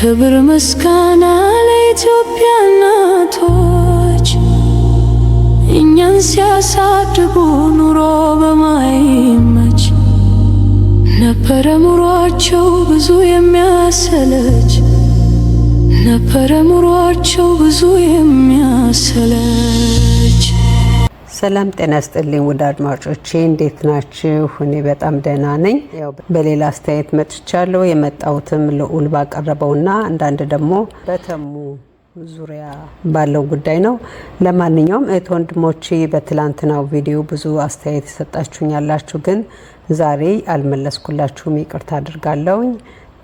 ክብር ምስጋና ለኢትዮጵያ እናቶች እኛን ሲያሳድጉ ኑሮ በማይመች ነበረ ኑሯቸው ብዙ የሚያሰለች ነበረ ኑሯቸው ብዙ የሚያሰለች ሰላም ጤና ስጥልኝ ውድ አድማጮቼ እንዴት ናችሁ? እኔ በጣም ደህና ነኝ። በሌላ አስተያየት መጥቻለሁ። የመጣሁትም ልዑል ባቀረበውና አንዳንድ ደግሞ በተሙ ዙሪያ ባለው ጉዳይ ነው። ለማንኛውም እህት ወንድሞቼ በትላንትናው ቪዲዮ ብዙ አስተያየት የሰጣችሁኝ ያላችሁ፣ ግን ዛሬ አልመለስኩላችሁም ይቅርታ አድርጋለውኝ።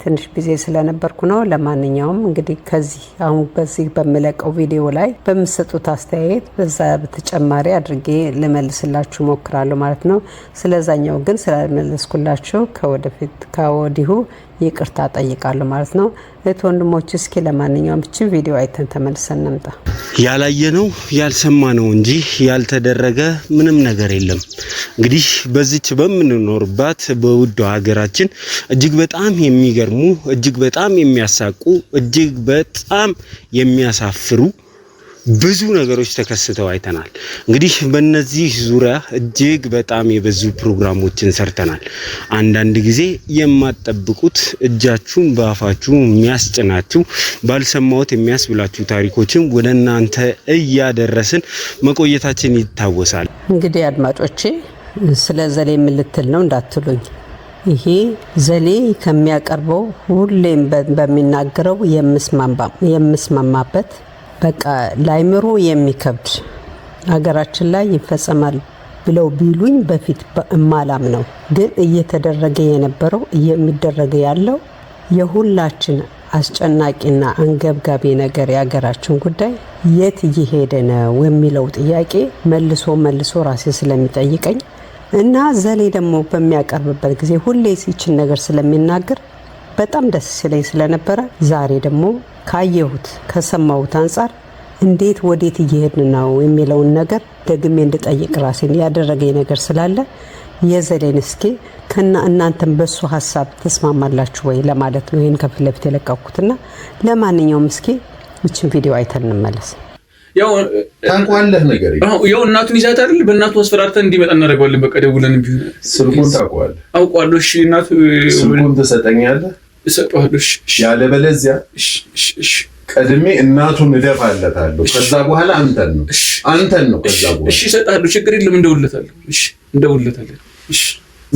ትንሽ ጊዜ ስለነበርኩ ነው። ለማንኛውም እንግዲህ ከዚህ አሁን በዚህ በምለቀው ቪዲዮ ላይ በምሰጡት አስተያየት በዛ በተጨማሪ አድርጌ ልመልስላችሁ ሞክራለሁ ማለት ነው። ስለዛኛው ግን ስላልመለስኩላችሁ ከወደፊት ከወዲሁ ይቅርታ ጠይቃሉ ማለት ነው። እህት ወንድሞች፣ እስኪ ለማንኛውም እች ቪዲዮ አይተን ተመልሰን እንምጣ። ያልሰማ ነው እንጂ ያልተደረገ ምንም ነገር የለም። እንግዲህ በዚች በምንኖርባት በውድ ሀገራችን እጅግ በጣም የሚገርሙ እጅግ በጣም የሚያሳቁ እጅግ በጣም የሚያሳፍሩ ብዙ ነገሮች ተከስተው አይተናል። እንግዲህ በእነዚህ ዙሪያ እጅግ በጣም የበዙ ፕሮግራሞችን ሰርተናል። አንዳንድ ጊዜ የማትጠብቁት እጃችሁን በአፋችሁ የሚያስጭናችሁ ባልሰማሁት የሚያስብላችሁ ታሪኮችን ወደ እናንተ እያደረስን መቆየታችን ይታወሳል። እንግዲህ አድማጮቼ ስለ ዘሌ የምልትል ነው እንዳትሉኝ ይሄ ዘሌ ከሚያቀርበው ሁሌም በሚናገረው የምስማማበት በቃ ላይምሮ የሚከብድ ሀገራችን ላይ ይፈጸማል ብለው ቢሉኝ በፊት እማላም ነው። ግን እየተደረገ የነበረው እየሚደረገ ያለው የሁላችን አስጨናቂና አንገብጋቢ ነገር የሀገራችን ጉዳይ የት እየሄደ ነው የሚለው ጥያቄ መልሶ መልሶ ራሴ ስለሚጠይቀኝ እና ዘሌ ደግሞ በሚያቀርብበት ጊዜ ሁሌ ሲችን ነገር ስለሚናገር በጣም ደስ ሲለኝ ስለነበረ ዛሬ ደግሞ ካየሁት ከሰማሁት አንጻር እንዴት ወዴት እየሄድን ነው የሚለውን ነገር ደግሜ እንድጠይቅ ራሴን ያደረገኝ ነገር ስላለ የዘሌንስኪ ከና እናንተም በሱ ሀሳብ ተስማማላችሁ ወይ ለማለት ነው ይህን ከፊት ለፊት የለቀኩትና፣ ለማንኛውም እስኪ ይችን ቪዲዮ አይተን እንመለስ። ታውቋለህ ነገር ያው እናቱን ይዛት አይደል? በእናቱ አስፈራርተን እንዲመጣ እናደርገዋለን። በቃ ደውለን ቢሆን ስልኩን ታውቀዋለህ። አውቀዋለሁ። እሺ እናቱ ስልኩን ትሰጠኛለህ እሰጠዋለሁ። ያለበለዚያ ቀድሜ እናቱን እደፋለታለሁ። ከዛ በኋላ አንተን ነው አንተን ነው። ከዛ በኋላ እሺ እሰጥሃለሁ፣ ችግር የለም። እንደውለታለሁ። እሺ እንደውለታለሁ። እሺ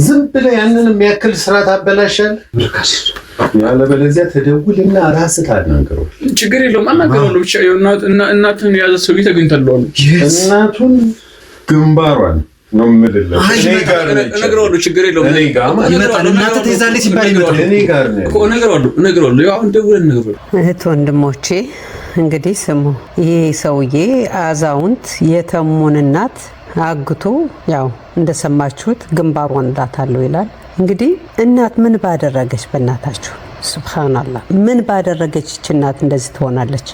ዝም ብለህ ያንን የሚያክል ስራ ታበላሻለህ። ብርካስ ያለበለዚያ ተደውልና ራስህ ታናገረው። ችግር የለውም፣ አናገረዋለሁ። ብቻ እናቱን የያዘ ሰውዬ ተገኝታለሁ እናቱን ግንባሯን እህት ah, eh, ወንድሞቼ፣ እንግዲህ ስሙ። ይሄ ሰውዬ አዛውንት የተሙን እናት አግቶ ያው እንደሰማችሁት ግንባሯን እላታለሁ ይላል። እንግዲህ እናት ምን ባደረገች በእናታችሁ ሱብሃናላህ፣ ምን ባደረገች እናት እንደዚህ ትሆናለች?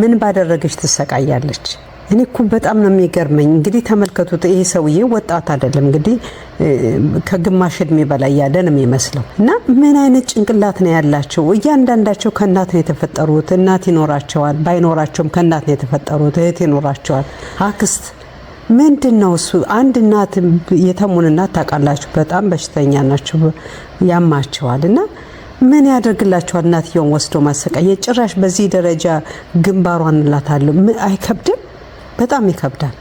ምን ባደረገች ትሰቃያለች? እኔ እኮ በጣም ነው የሚገርመኝ። እንግዲህ ተመልከቱት፣ ይሄ ሰውዬ ወጣት አይደለም እንግዲህ ከግማሽ እድሜ በላይ ያለ ነው የሚመስለው። እና ምን አይነት ጭንቅላት ነው ያላቸው? እያንዳንዳቸው ከእናት ነው የተፈጠሩት። እናት ይኖራቸዋል፣ ባይኖራቸውም ከእናት ነው የተፈጠሩት። እህት ይኖራቸዋል፣ አክስት ምንድን ነው እሱ? አንድ እናት የተሙን እናት ታውቃላችሁ፣ በጣም በሽተኛ ናቸው፣ ያማቸዋል እና ምን ያደርግላቸዋል? እናትየውን ወስዶ ማሰቃየት ጭራሽ በዚህ ደረጃ ግንባሯን እላታለሁ። አይከብድም በጣም ይከብዳል።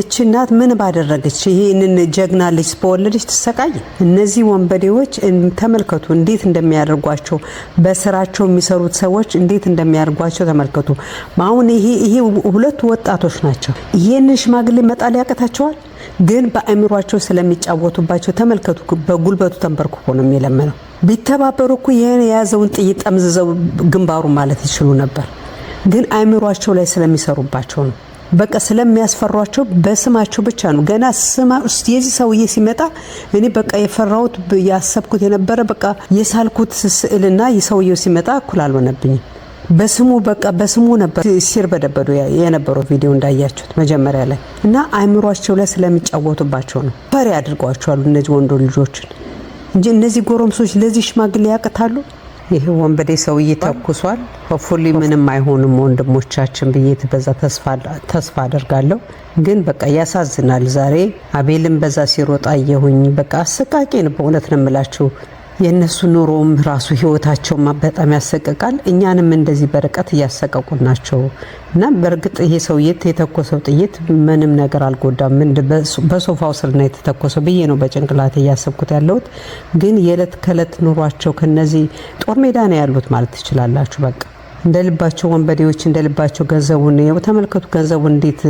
እቺ እናት ምን ባደረገች ይህንን ጀግና ልጅ በወለደች ትሰቃይ። እነዚህ ወንበዴዎች ተመልከቱ እንዴት እንደሚያደርጓቸው በስራቸው የሚሰሩት ሰዎች እንዴት እንደሚያደርጓቸው ተመልከቱ። አሁን ይሄ ይሄ ሁለቱ ወጣቶች ናቸው። ይህንን ሽማግሌ መጣል ያቀታቸዋል ግን በአእምሯቸው ስለሚጫወቱባቸው ተመልከቱ። በጉልበቱ ተንበርክኮ ነው የሚለምነው። ቢተባበሩ እኮ ይህን የያዘውን ጥይት ጠምዝዘው ግንባሩ ማለት ይችሉ ነበር፣ ግን አእምሯቸው ላይ ስለሚሰሩባቸው ነው። በቃ ስለሚያስፈሯቸው በስማቸው ብቻ ነው። ገና ስማ የዚህ ሰውዬ ሲመጣ እኔ በቃ የፈራሁት ያሰብኩት የነበረ በቃ የሳልኩት ስዕልና የሰውየው ሲመጣ እኩል አልሆነብኝም። በስሙ በቃ በስሙ ነበር በደበዱ የነበረው ቪዲዮ እንዳያችሁት መጀመሪያ ላይ እና አይምሯቸው ላይ ስለሚጫወቱባቸው ነው። ፈሪ አድርገዋቸዋሉ እነዚህ ወንዶ ልጆችን እንጂ እነዚህ ጎረምሶች ለዚህ ሽማግሌ ያቅታሉ። ይህ ወንበዴ ሰውዬ ተኩሷል። ሆፉሊ ምንም አይሆንም ወንድሞቻችን ብዬ በዛ ተስፋ አደርጋለሁ። ግን በቃ ያሳዝናል። ዛሬ አቤልን በዛ ሲሮጣ አየሁኝ። በቃ አሰቃቂ ነው፣ በእውነት ነው የምላችሁ። የእነሱ ኑሮም ራሱ ህይወታቸው በጣም ያሰቅቃል። እኛንም እንደዚህ በርቀት እያሰቀቁ ናቸው። እና በእርግጥ ይሄ ሰውዬ የተኮሰው ጥይት ምንም ነገር አልጎዳም። ምን በሶፋው ስር ነው የተተኮሰው ብዬ ነው በጭንቅላት እያሰብኩት ያለሁት። ግን የዕለት ከዕለት ኑሯቸው ከነዚህ ጦር ሜዳ ነው ያሉት ማለት ትችላላችሁ። በቃ እንደ ልባቸው ወንበዴዎች፣ እንደ ልባቸው ገንዘቡን ተመልከቱ። ገንዘቡ እንዴት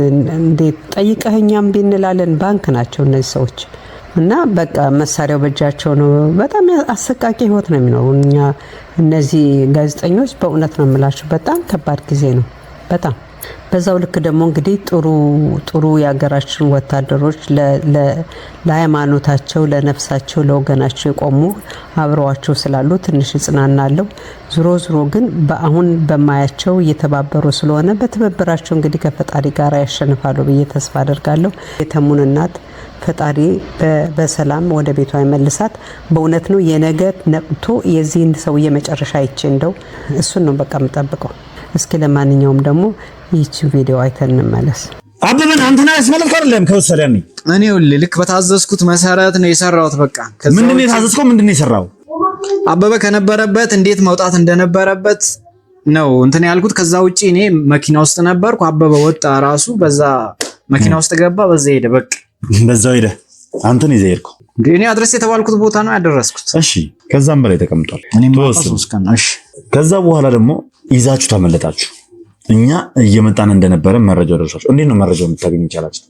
እንዴት ጠይቀህኛም ቢንላለን ባንክ ናቸው እነዚህ ሰዎች እና በቃ መሳሪያው በእጃቸው ነው። በጣም አሰቃቂ ህይወት ነው የሚኖሩ እኛ እነዚህ ጋዜጠኞች። በእውነት ነው የምላቸው በጣም ከባድ ጊዜ ነው። በጣም በዛው ልክ ደግሞ እንግዲህ ጥሩ ጥሩ የሀገራችን ወታደሮች ለሃይማኖታቸው፣ ለነፍሳቸው፣ ለወገናቸው የቆሙ አብረዋቸው ስላሉ ትንሽ እጽናናለሁ። ዝሮ ዝሮ ግን በአሁን በማያቸው እየተባበሩ ስለሆነ በትብብራቸው እንግዲህ ከፈጣሪ ጋር ያሸንፋሉ ብዬ ተስፋ አደርጋለሁ። የተሙን እናት ፈጣሪ በሰላም ወደ ቤቷ ይመልሳት። በእውነት ነው የነገ ነቅቶ የዚህን ሰው የመጨረሻ ይቼ እንደው እሱን ነው በቃ የምጠብቀው። እስኪ ለማንኛውም ደግሞ ይህችን ቪዲዮ አይተን እንመለስ። አበበን አንተና ያስመለክ አይደለም ከወሰደን እኔ ሁሌ ልክ በታዘዝኩት መሰረት ነው የሰራሁት። በቃ ምንድን ነው የታዘዝከው? ምንድን ነው የሰራው? አበበ ከነበረበት እንዴት መውጣት እንደነበረበት ነው እንትን ያልኩት። ከዛ ውጪ እኔ መኪና ውስጥ ነበርኩ። አበበ ወጣ ራሱ በዛ መኪና ውስጥ ገባ፣ በዛ ሄደ። በቃ በዛው ሄደ። አንተን ይዘህ ሄድኩ። እኔ አድረስ የተባልኩት ቦታ ነው ያደረስኩት። እሺ፣ ከዛም በላይ ተቀምጧል። እኔ ማውጣት ከዛ በኋላ ደግሞ ይዛችሁ ታመለጣችሁ። እኛ እየመጣን እንደነበረ መረጃ ደርሷችሁ፣ እንዴት ነው መረጃ የምታገኙ ይቻላችሁ?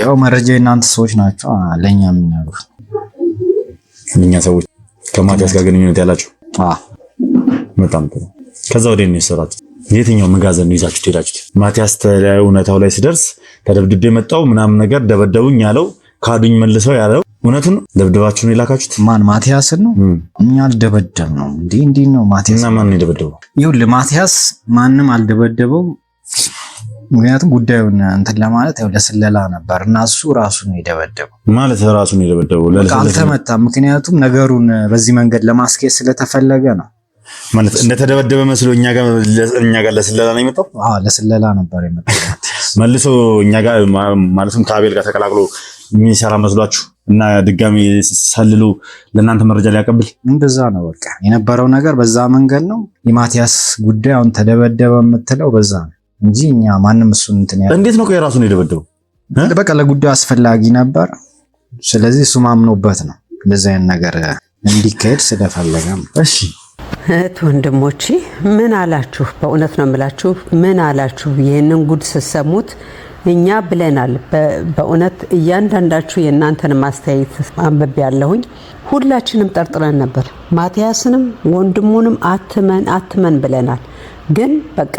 ያው መረጃ የእናንተ ሰዎች ናቸው ለእኛ የሚነግሩት። እኛ ሰዎች ከማቲያስ ጋር ግንኙነት ያላችሁ በጣም ጥሩ። ከዛ ወደ የሚሰራት የትኛው መጋዘን ነው ይዛችሁ ትሄዳችሁ? ማቲያስ እውነታው ላይ ሲደርስ ተደብድቤ መጣው ምናምን ነገር ደበደቡኝ ያለው ካዱኝ መልሰው ያለው ነው ደብደባችሁን የላካችሁት ማን? ማቲያስን ነው። እኛ አልደበደብ ነው። እንዲህ እንዲህ ነው ማቲያስ። እና ማን የደበደበው? ይኸውልህ ማቲያስ ማንም አልደበደበው። ምክንያቱም ጉዳዩን እንትን ለማለት ያው ለስለላ ነበር እና እሱ ራሱ ነው የደበደበው። ማለት ራሱ ነው የደበደበው አልተመታም። ምክንያቱም ነገሩን በዚህ መንገድ ለማስኬድ ስለተፈለገ ነው። ማለት እንደተደበደበ መስሎ እኛ ጋር ለስለላ ነው የመጣው። ለስለላ ነበር የመጣው መልሶ እኛ ጋር ማለትም ከአቤል ጋር ተቀላቅሎ የሚሰራ መስሏችሁ እና ድጋሚ ሰልሎ ለእናንተ መረጃ ሊያቀብል እንደዛ ነው። በቃ የነበረው ነገር በዛ መንገድ ነው። የማቲያስ ጉዳይ አሁን ተደበደበ የምትለው በዛ ነው እንጂ እኛ ማንም እሱ እንትን ያ እንዴት ነው የራሱን ራሱን የደበደበው በቃ ለጉዳዩ አስፈላጊ ነበር። ስለዚህ እሱ ማምኖበት ነው እንደዚህ አይነት ነገር እንዲካሄድ ስለፈለገ እሺ እህት ወንድሞቼ ምን አላችሁ? በእውነት ነው የምላችሁ ምን አላችሁ? ይህንን ጉድ ስትሰሙት እኛ ብለናል። በእውነት እያንዳንዳችሁ የእናንተን ማስተያየት አንብቤ ያለሁኝ። ሁላችንም ጠርጥረን ነበር። ማቲያስንም ወንድሙንም አትመን አትመን ብለናል። ግን በቃ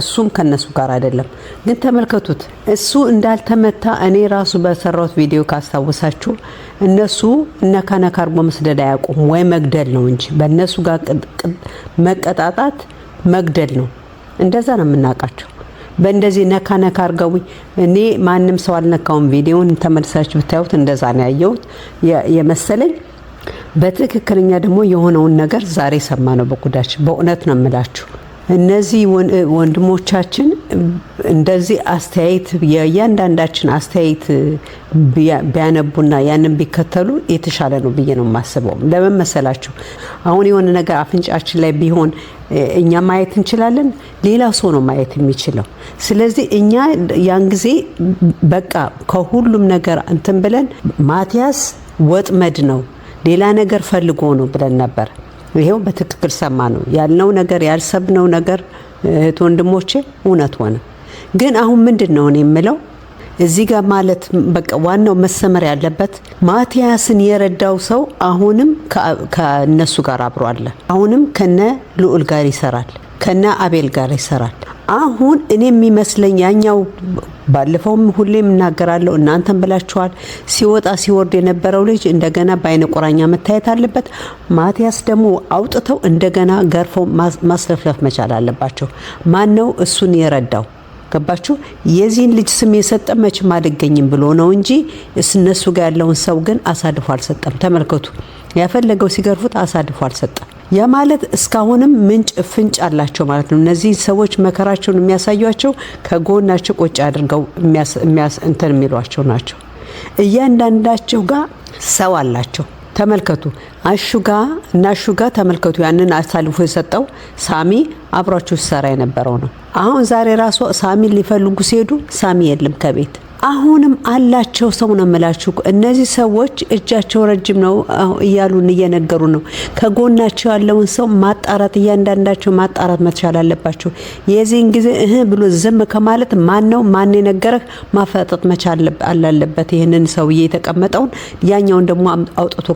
እሱም ከነሱ ጋር አይደለም። ግን ተመልከቱት፣ እሱ እንዳልተመታ እኔ ራሱ በሰራሁት ቪዲዮ ካስታወሳችሁ እነሱ እነካ ነካ መስደድ አያውቁም ወይ መግደል ነው እንጂ በእነሱ ጋር መቀጣጣት መግደል ነው። እንደዛ ነው የምናውቃቸው። በእንደዚህ ነካ ነካ አርገው እኔ ማንም ሰው አልነካውም። ቪዲዮን ተመልሳችሁ ብታዩት እንደዛ ነው ያየሁት የመሰለኝ። በትክክለኛ ደግሞ የሆነውን ነገር ዛሬ ሰማ ነው በጉዳችን። በእውነት ነው የምላችሁ እነዚህ ወንድሞቻችን እንደዚህ አስተያየት የእያንዳንዳችን አስተያየት ቢያነቡና ያንን ቢከተሉ የተሻለ ነው ብዬ ነው የማስበው። ለምን መሰላችሁ? አሁን የሆነ ነገር አፍንጫችን ላይ ቢሆን እኛ ማየት እንችላለን። ሌላ ሰው ነው ማየት የሚችለው። ስለዚህ እኛ ያን ጊዜ በቃ ከሁሉም ነገር እንትን ብለን ማቲያስ ወጥመድ ነው፣ ሌላ ነገር ፈልጎ ነው ብለን ነበር። ይሄው በትክክል ሰማ ነው ያልነው ነገር ያልሰብነው ነገር እህት ወንድሞቼ እውነት ሆነ። ግን አሁን ምንድን ነው እኔ የምለው እዚህ ጋር ማለት በቃ ዋናው መሰመር ያለበት ማቲያስን የረዳው ሰው አሁንም ከነሱ ጋር አብሮ አለ። አሁንም ከነ ልዑል ጋር ይሰራል፣ ከነ አቤል ጋር ይሰራል። አሁን እኔ የሚመስለኝ ያኛው ባለፈውም ሁሌም እናገራለሁ፣ እናንተም ብላችኋል። ሲወጣ ሲወርድ የነበረው ልጅ እንደገና በአይነ ቁራኛ መታየት አለበት። ማቲያስ ደግሞ አውጥተው እንደገና ገርፈው ማስለፍለፍ መቻል አለባቸው። ማን ነው እሱን የረዳው? ገባችሁ? የዚህን ልጅ ስም የሰጠ መቼም አልገኝም ብሎ ነው እንጂ እነሱ ጋር ያለውን ሰው ግን አሳልፎ አልሰጠም። ተመልከቱ፣ ያፈለገው ሲገርፉት አሳልፎ አልሰጠም። ያ ማለት እስካሁንም ምንጭ ፍንጭ አላቸው ማለት ነው። እነዚህ ሰዎች መከራቸውን የሚያሳዩቸው ከጎናቸው ቁጭ አድርገው እንትን የሚሏቸው ናቸው። እያንዳንዳቸው ጋር ሰው አላቸው። ተመልከቱ። አሹጋ እና አሹጋ ተመልከቱ። ያንን አሳልፎ የሰጠው ሳሚ አብሯቸው ሲሰራ የነበረው ነው። አሁን ዛሬ ራሱ ሳሚን ሊፈልጉ ሲሄዱ ሳሚ የለም ከቤት አሁንም አላቸው ሰው ነው የምላችሁ። እነዚህ ሰዎች እጃቸው ረጅም ነው እያሉን እየነገሩ ነው። ከጎናቸው ያለውን ሰው ማጣራት፣ እያንዳንዳቸው ማጣራት መቻል አለባቸው። የዚህን ጊዜ እህ ብሎ ዝም ከማለት ማን ነው ማን የነገረህ ማፈጠጥ መቻል አላለበት። ይህንን ሰውዬ የተቀመጠውን ያኛውን ደግሞ አውጥቶ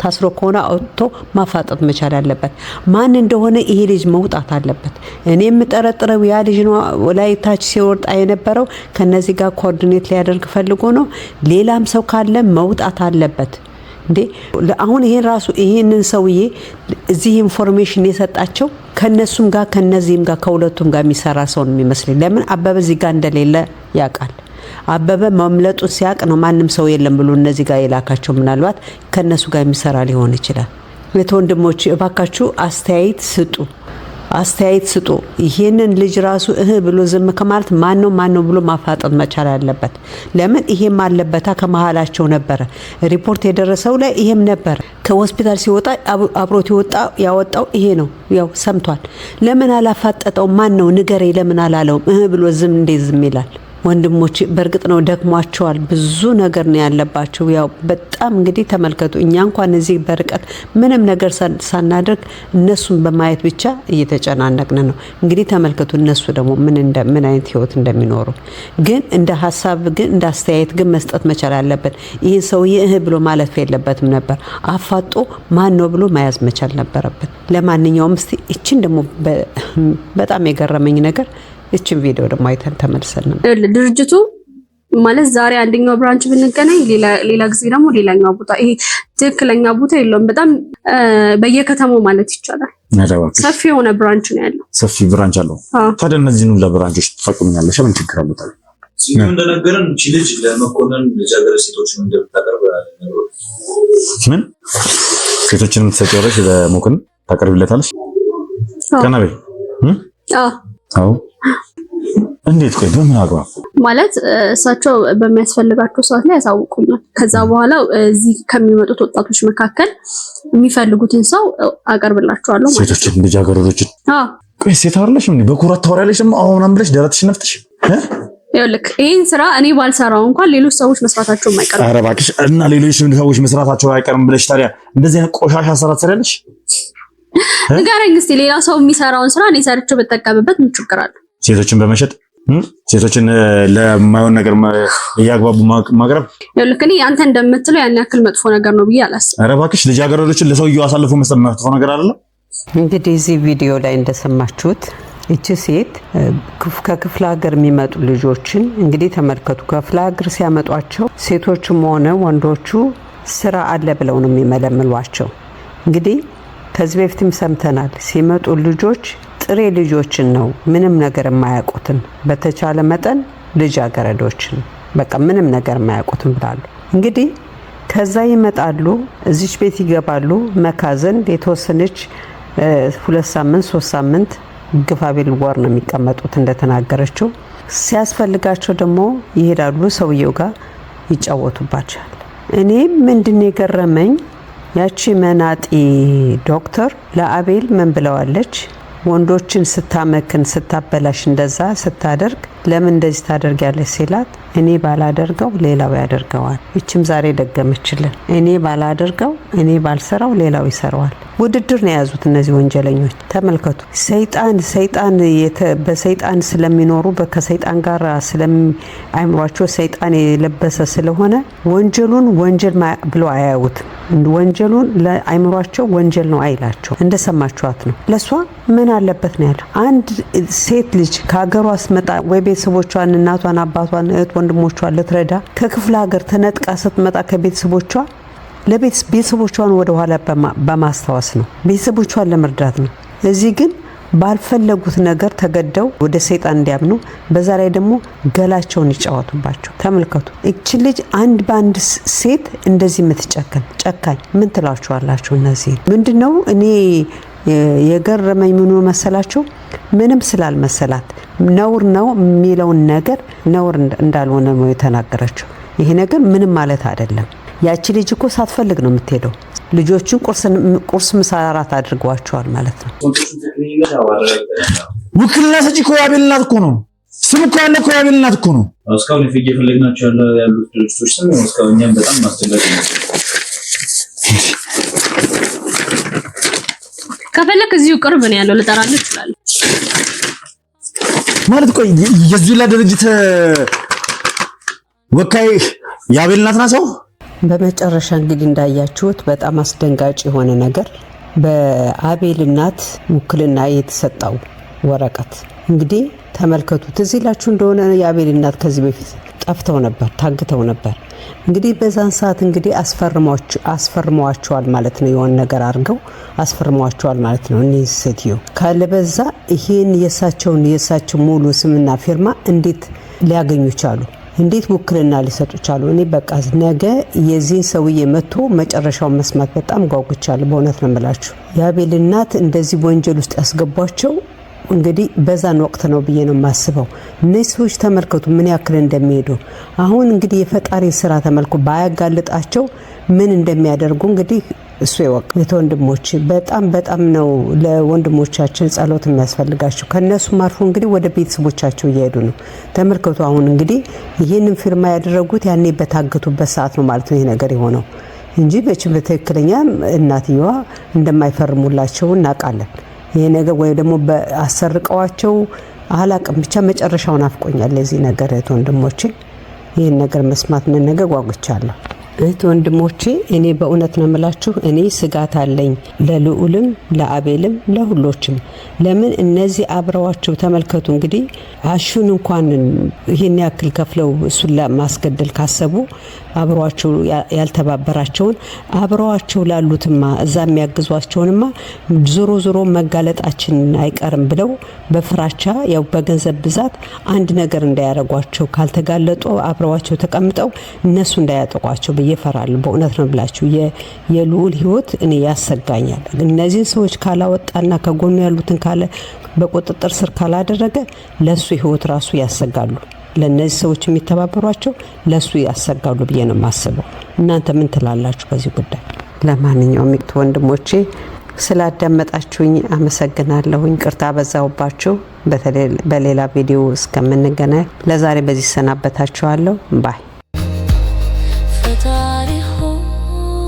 ታስሮ ከሆነ አውጥቶ ማፋጠጥ መቻል አለበት። ማን እንደሆነ ይሄ ልጅ መውጣት አለበት። እኔ የምጠረጥረው ያ ልጅ ላይ ታች ሲወርጣ የነበረው ከነዚህ ጋር ኮኦርዲኔት ሊያደርግ ፈልጎ ነው። ሌላም ሰው ካለ መውጣት አለበት። እንዴ አሁን ይሄን ራሱ ይሄንን ሰውዬ እዚህ ኢንፎርሜሽን የሰጣቸው ከነሱም ጋር ከነዚህም ጋር ከሁለቱም ጋር የሚሰራ ሰው ነው የሚመስለኝ። ለምን አበበ እዚህ ጋር እንደሌለ ያውቃል። አበበ መምለጡ ሲያቅ ነው ማንም ሰው የለም ብሎ እነዚህ ጋር የላካቸው። ምናልባት ከነሱ ጋር የሚሰራ ሊሆን ይችላል። ቤተ ወንድሞች እባካችሁ አስተያየት ስጡ። አስተያየት ስጡ። ይሄንን ልጅ ራሱ እህ ብሎ ዝም ከማለት ማን ነው ማን ነው ብሎ ማፋጠጥ መቻል አለበት። ለምን ይሄም አለበታ ከመሀላቸው ነበረ ሪፖርት የደረሰው ላይ ይሄም ነበረ። ከሆስፒታል ሲወጣ አብሮት የወጣ ያወጣው ይሄ ነው። ያው ሰምቷል። ለምን አላፋጠጠው? ማን ነው ንገሬ፣ ለምን አላለውም? እህ ብሎ ዝም እንዴት ዝም ይላል? ወንድሞች በእርግጥ ነው ደክሟቸዋል። ብዙ ነገር ነው ያለባቸው። ያው በጣም እንግዲህ ተመልከቱ፣ እኛ እንኳን እዚህ በርቀት ምንም ነገር ሳናደርግ እነሱን በማየት ብቻ እየተጨናነቅን ነው። እንግዲህ ተመልከቱ እነሱ ደግሞ ምን አይነት ህይወት እንደሚኖሩ ግን እንደ ሀሳብ ግን እንደ አስተያየት ግን መስጠት መቻል አለብን። ይህን ሰው ይህ ብሎ ማለፍ የለበትም ነበር። አፋጦ ማን ነው ብሎ መያዝ መቻል ነበረብን። ለማንኛውም እስቲ እችን ደግሞ በጣም የገረመኝ ነገር ይችን ቪዲዮ ደግሞ አይተን ተመልሰን ድርጅቱ ማለት ዛሬ አንደኛው ብራንች ብንገናኝ ሌላ ጊዜ ደግሞ ሌላኛው ቦታ ይሄ ትክክለኛ ቦታ የለውም። በጣም በየከተማው ማለት ይቻላል ሰፊ የሆነ ብራንች ነው ያለው። ሰፊ ብራንች አለው። ታዲያ እነዚህን ሁሉ ብራንቾች ትጠቁምኛለሽ? ምን ችግር አሉታል? እንደነገረን እቺ ልጅ ለመኮንን ልጃገረ ሴቶች እንደምታቀርብ ምን ሴቶችን የምትሰጪው ለመኮንን ታቀርብለታለች ቀናቤ አዎ እንዴት? ቆይ በምን አግባብ ማለት እሳቸው በሚያስፈልጋቸው ሰዓት ላይ ያሳውቁኛል። ከዛ በኋላ እዚህ ከሚመጡት ወጣቶች መካከል የሚፈልጉትን ሰው አቀርብላቸዋለሁ። ሴቶችን፣ ልጃገረዶችን። ቆይ ሴት አይደለሽ? ምን በኩራት ታወሪያለሽ? ደግሞ አሁን ብለሽ ደረትሽ ነፍጥሽ ይኸውልህ ይህን ስራ እኔ ባልሰራው እንኳን ሌሎች ሰዎች መስራታቸው አይቀርም። ኧረ እባክሽ እና ሌሎች ሰዎች መስራታቸው አይቀርም ብለሽ ታዲያ እንደዚህ አይነት ቆሻሻ ስራ ትሰሪያለሽ? ንገረኝ እስኪ ሌላ ሰው የሚሰራውን ስራ እኔ ሰርቼው ብጠቀምበት ምን ችግር አለ ሴቶችን በመሸጥ ሴቶችን ለማይሆን ነገር እያግባቡ ማቅረብ ልክ እኔ አንተ እንደምትለው ያን ያክል መጥፎ ነገር ነው ብዬ አላስ። ኧረ እባክሽ ልጃገረዶችን ለሰውየው አሳልፎ መስጠት መጥፎ ነገር አይደለም። እንግዲህ እዚህ ቪዲዮ ላይ እንደሰማችሁት ይቺ ሴት ከክፍለ ሀገር የሚመጡ ልጆችን እንግዲህ ተመልከቱ። ከክፍለ ሀገር ሲያመጧቸው ሴቶቹም ሆነ ወንዶቹ ስራ አለ ብለው ነው የሚመለምሏቸው። እንግዲህ ከዚህ በፊትም ሰምተናል ሲመጡ ልጆች ጥሬ ልጆችን ነው፣ ምንም ነገር የማያውቁትን በተቻለ መጠን ልጃገረዶችን በቃ ምንም ነገር የማያውቁትን ብላሉ። እንግዲህ ከዛ ይመጣሉ፣ እዚች ቤት ይገባሉ። መካዘን የተወሰነች ሁለት ሳምንት ሶስት ሳምንት ግፋቤል ወር ነው የሚቀመጡት እንደተናገረችው። ሲያስፈልጋቸው ደግሞ ይሄዳሉ፣ ሰውየው ጋር ይጫወቱባቸዋል። እኔም ምንድን የገረመኝ ያቺ መናጢ ዶክተር ለአቤል ምን ብለዋለች? ወንዶችን ስታመክን ስታበላሽ እንደዛ ስታደርግ ለምን እንደዚህ ታደርጊያለሽ ሲላት እኔ ባላደርገው ሌላው ያደርገዋል። ይችም ዛሬ ደገመችልን። እኔ ባላደርገው እኔ ባልሰራው ሌላው ይሰራዋል። ውድድር ነው የያዙት እነዚህ ወንጀለኞች። ተመልከቱ። ሰይጣን ሰይጣን በሰይጣን ስለሚኖሩ ከሰይጣን ጋር አይምሯቸው ሰይጣን የለበሰ ስለሆነ ወንጀሉን ወንጀል ብሎ አያዩትም። ወንጀሉን ለአይምሯቸው ወንጀል ነው አይላቸው። እንደሰማችኋት ነው ለእሷ ምን አለበት ነው ያለው። አንድ ሴት ልጅ ከሀገሯ ስትመጣ ወይ ቤተሰቦቿን፣ እናቷን፣ አባቷን፣ እህት ወንድሞቿን ልትረዳ ከክፍለ ሀገር ተነጥቃ ስትመጣ ከቤተሰቦቿ ቤተሰቦቿን ወደኋላ በማስታወስ ነው፣ ቤተሰቦቿን ለመርዳት ነው። እዚህ ግን ባልፈለጉት ነገር ተገደው ወደ ሰይጣን እንዲያምኑ በዛ ላይ ደግሞ ገላቸውን ይጫወቱባቸው። ተመልከቱ፣ እች ልጅ አንድ በአንድ ሴት እንደዚህ የምትጨከን ጨካኝ ምን ትላችኋላችሁ? እነዚህ ምንድነው እኔ የገረመኝ ምኑ መሰላችሁ? ምንም ስላልመሰላት ነውር ነው የሚለውን ነገር ነውር እንዳልሆነ ነው የተናገረችው። ይሄ ነገር ምንም ማለት አይደለም። ያቺ ልጅ እኮ ሳትፈልግ ነው የምትሄደው። ልጆችን ቁርስ፣ ምሳ፣ እራት አድርገዋቸዋል ማለት ነው። ውክልና ሰጪ እኮ የአቤል እናት እኮ ነው። ስም እኮ ያለ እኮ የአቤል እናት እኮ ነው። እስካሁን የፈለግናቸው ያሉት ድርጅቶች ስም እስካሁን እኛም በጣም ማስደለቅ ነው ከፈለክ እዚሁ ቅርብ ነው ያለው ልጠራልህ እችላለሁ። ማለት ቆይ የዚላ ድርጅት ወካይ የአቤል ናትና ሰው በመጨረሻ እንግዲህ እንዳያችሁት በጣም አስደንጋጭ የሆነ ነገር በአቤል እናት ውክልና የተሰጠው ወረቀት እንግዲህ ተመልከቱ። ትዝ ይላችሁ እንደሆነ የአቤል እናት ከዚህ በፊት ጠፍተው ነበር፣ ታግተው ነበር። እንግዲህ በዛን ሰዓት እንግዲህ አስፈርመዋቸዋል ማለት ነው። የሆነ ነገር አድርገው አስፈርመዋቸዋል ማለት ነው። እኒህ ሴትዮ ካለበዛ ይህን የእሳቸውን የእሳቸው ሙሉ ስምና ፊርማ እንዴት ሊያገኙ ቻሉ? እንዴት ውክልና ሊሰጡ ቻሉ? እኔ በቃ ነገ የዚህን ሰውዬ መጥቶ መጨረሻውን መስማት በጣም ጓጉቻለሁ። በእውነት ነው የምላችሁ። የአቤል እናት እንደዚህ ወንጀል ውስጥ ያስገቧቸው እንግዲህ በዛን ወቅት ነው ብዬ ነው የማስበው። እነዚህ ሰዎች ተመልከቱ ምን ያክል እንደሚሄዱ አሁን እንግዲህ የፈጣሪ ስራ ተመልኩ ባያጋልጣቸው ምን እንደሚያደርጉ እንግዲህ እሱ ይወቅ። ወንድሞች በጣም በጣም ነው ለወንድሞቻችን ጸሎት የሚያስፈልጋቸው። ከእነሱም አልፎ እንግዲህ ወደ ቤተሰቦቻቸው እየሄዱ ነው። ተመልከቱ አሁን እንግዲህ ይህንን ፊርማ ያደረጉት ያኔ በታገቱበት ሰዓት ነው ማለት ነው ይሄ ነገር የሆነው እንጂ በችም በትክክለኛ እናትየዋ እንደማይፈርሙላቸው እናውቃለን። ይሄ ነገር ወይ ደግሞ አሰርቀዋቸው አላቅም ብቻ መጨረሻውን አፍቆኛል። ለዚህ ነገር እህት ወንድሞቼ ይህን ነገር መስማት ምን ነገር ጓጉቻለሁ። እህት ወንድሞቼ እኔ በእውነት ነው የምላችሁ፣ እኔ ስጋት አለኝ ለልዑልም፣ ለአቤልም፣ ለሁሎችም። ለምን እነዚህ አብረዋቸው ተመልከቱ እንግዲህ አሹን እንኳን ይህን ያክል ከፍለው እሱን ለማስገደል ካሰቡ አብሯቸው ያልተባበራቸውን አብረዋቸው ላሉትማ እዛ የሚያግዟቸውንማ ዞሮ ዞሮ መጋለጣችን አይቀርም ብለው በፍራቻ ያው በገንዘብ ብዛት አንድ ነገር እንዳያደርጓቸው ካልተጋለጡ አብረዋቸው ተቀምጠው እነሱ እንዳያጠቋቸው ብዬ በእውነት ነው ብላችሁ የልዑል ህይወት እኔ ያሰጋኛል። እነዚህን ሰዎች ካላወጣና ከጎኑ ያሉትን ካለ በቁጥጥር ስር ካላደረገ ለእሱ ህይወት ራሱ ያሰጋሉ። ለእነዚህ ሰዎች የሚተባበሯቸው ለእሱ ያሰጋሉ ብዬ ነው የማስበው። እናንተ ምን ትላላችሁ በዚህ ጉዳይ? ለማንኛውም ወንድሞቼ ስላዳመጣችሁኝ አመሰግናለሁኝ። ቅርታ በዛውባችሁ። በተለይ በሌላ ቪዲዮ እስከምንገናኝ ለዛሬ በዚህ ሰናበታችኋለሁ ባይ